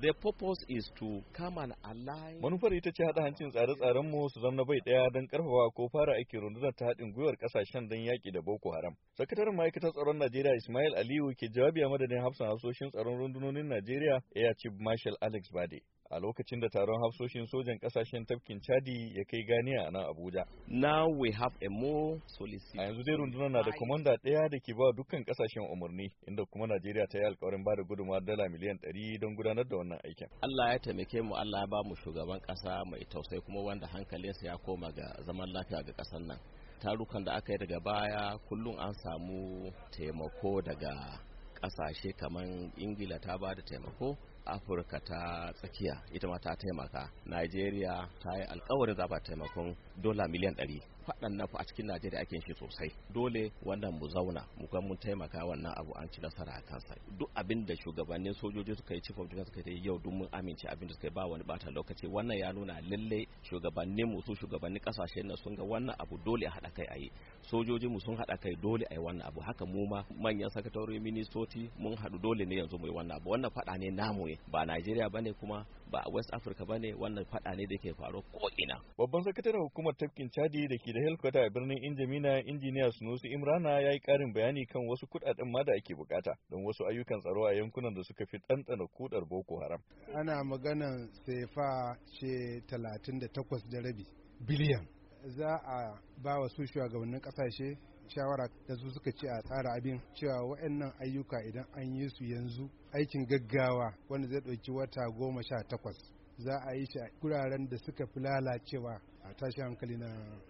The purpose is to come and align. Manufar ita ce haɗa hancin tsare-tsaren mu su zama bai daya don karfafa ko fara aiki rundunar ta haɗin gwiwar ƙasashen don yaƙi da Boko Haram. Sakataren ma'aikatar tsaron Najeriya Ismail Aliyu ke jawabi a madadin hafsan hasoshin tsaron rundunonin Najeriya Air Chief Marshal Alex Bade. a lokacin da taron hafsoshin sojan kasashen tafkin Chadi ya kai ganiya a nan Abuja. Now we have a more solicitor A yanzu dai runduna na da kwamanda ɗaya da ke ba dukkan kasashen umarni inda kuma Najeriya ta yi alkawarin ba da gudunmawar dala miliyan ɗari don gudanar da wannan aikin. Allah ya taimake mu Allah ya ba mu shugaban kasa mai tausayi kuma wanda hankalinsa ya koma ga zaman lafiya ga kasar nan. Tarukan da aka yi daga baya kullum an samu taimako daga ƙasashe kamar Ingila ta ba da taimako afirka ta tsakiya ita ma ta taimaka najeriya ta yi alkawarin za taimakon dola miliyan 100 faɗan na a cikin najeriya ake shi sosai dole wannan mu zauna mu ga mun taimaka wannan abu an ci nasara a kansa duk abin da shugabannin sojoji suka yi cikin of suka yi yau duk mun amince abin da suka yi ba wani bata lokaci wannan ya nuna lalle shugabannin mu su shugabannin kasashen nan sun ga wannan abu dole a haɗa kai a yi Sojoji mu sun haɗa kai dole a yi wannan abu haka mu ma manyan sakatori ministoci mun haɗu dole ne yanzu mu yi wannan abu wannan faɗa ne namu ne ba Najeriya ba ne kuma ba West Africa ba ne wannan fada ne da ke faru ko ina babban sakataren hukumar tafkin Chadi da ke da helkwata a birnin Injamina injiniya Sunusi Imrana ya yi karin bayani kan wasu kudaden ma da ake bukata don wasu ayyukan tsaro a yankunan da suka fi ɗanɗana kudar Boko Haram ana maganan sefa ce 38 da rabi biliyan za a ba wa su shugabannin kasashe shawara da su suka ce a tsara abin cewa waɗannan ayyuka idan an yi su yanzu aikin gaggawa wanda zai ɗauki wata goma sha takwas za a yi shi a guraren da suka fi lalacewa a tashin hankali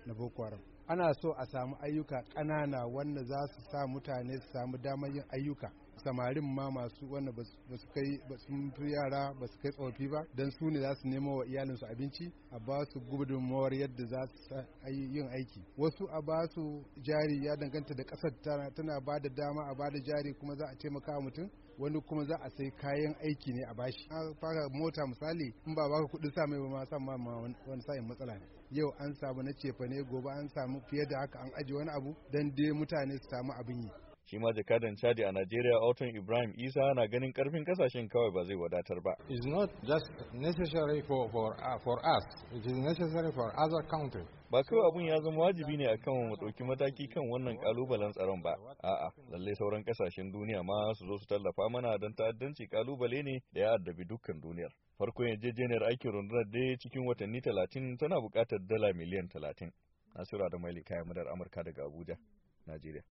na boko haram ana so a samu ayyuka ƙanana wanda za su sa mutane su samu damar yin ayyuka samarin ma masu wanda ba su kai su fi yara ba su kai tsofi ba don su ne za su nemo wa iyalinsu abinci a ba su gudunmawar yadda za su yin aiki wasu a ba su jari ya danganta da kasar tana ba da dama a ba da jari kuma za a taimaka mutum wani kuma za a sai kayan aiki ne a bashi a fara mota misali in ba baka kuɗin sa mai ma san ma wani sa'in matsala ne yau an samu na cefa ne gobe an samu fiye da haka an aji wani abu don dai mutane su samu abin yi shi ma jakadan Chadi a Najeriya Auton Ibrahim Isa na ganin karfin kasashen kawai ba zai wadatar ba. It's not just necessary for, for, uh, for us, it is necessary for other countries. Ba kawai abun ya zama wajibi ne akan mu ɗauki mataki kan wannan kalubalen tsaron ba. A'a, lallai sauran kasashen duniya ma su zo su tallafa mana don ta'addanci kalubale ne da ya addabi dukkan duniyar. Farkon yarjejeniyar aikin rundunar dai cikin watanni talatin tana buƙatar dala miliyan talatin. Nasura da mai kayan madar Amurka daga Abuja, Najeriya.